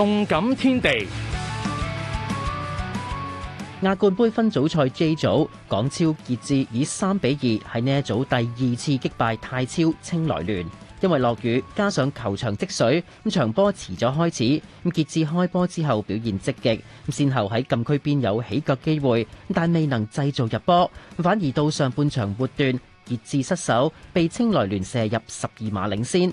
動感天地亞冠盃分組賽 J 組，港超傑志以三比二喺呢一組第二次擊敗泰超清萊聯。因為落雨加上球場積水，咁場波遲咗開始。咁傑志開波之後表現積極，咁先後喺禁區邊有起腳機會，但未能製造入波，反而到上半場末段，傑志失手被清萊聯射入十二碼領先。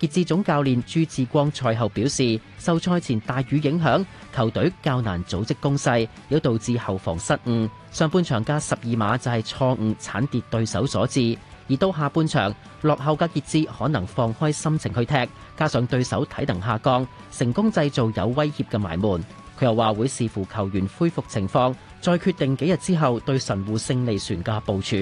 傑志總教練朱志光賽後表示，受賽前大雨影響，球隊較難組織攻勢，又導致後防失誤。上半場加十二碼就係錯誤鏟跌對手所致，而到下半場落後嘅傑志可能放開心情去踢，加上對手體能下降，成功製造有威脅嘅埋門。佢又話會視乎球員恢復情況，再決定幾日之後對神戶勝利船嘅部署。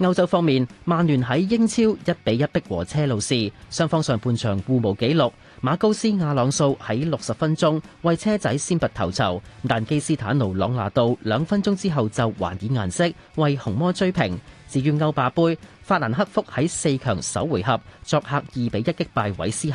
歐洲方面，曼聯喺英超一比一逼和車路士，雙方上半場互無紀錄。馬高斯亞朗素喺六十分鐘為車仔先拔頭籌，但基斯坦奴朗拿度兩分鐘之後就還以顏色，為紅魔追平。至於歐霸盃，法蘭克福喺四強首回合作客二比一擊敗韋斯咸，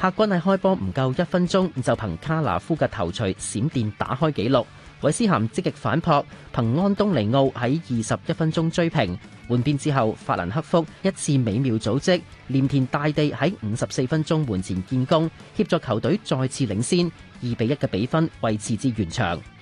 客軍喺開波唔夠一分鐘就憑卡拿夫嘅頭槌閃電打開紀錄，韋斯咸積極反撲，憑安東尼奧喺二十一分鐘追平。換邊之後，法蘭克福一次美妙組織，鎌田大地喺五十四分鐘門前建功，協助球隊再次領先二比一嘅比分，維持至完場。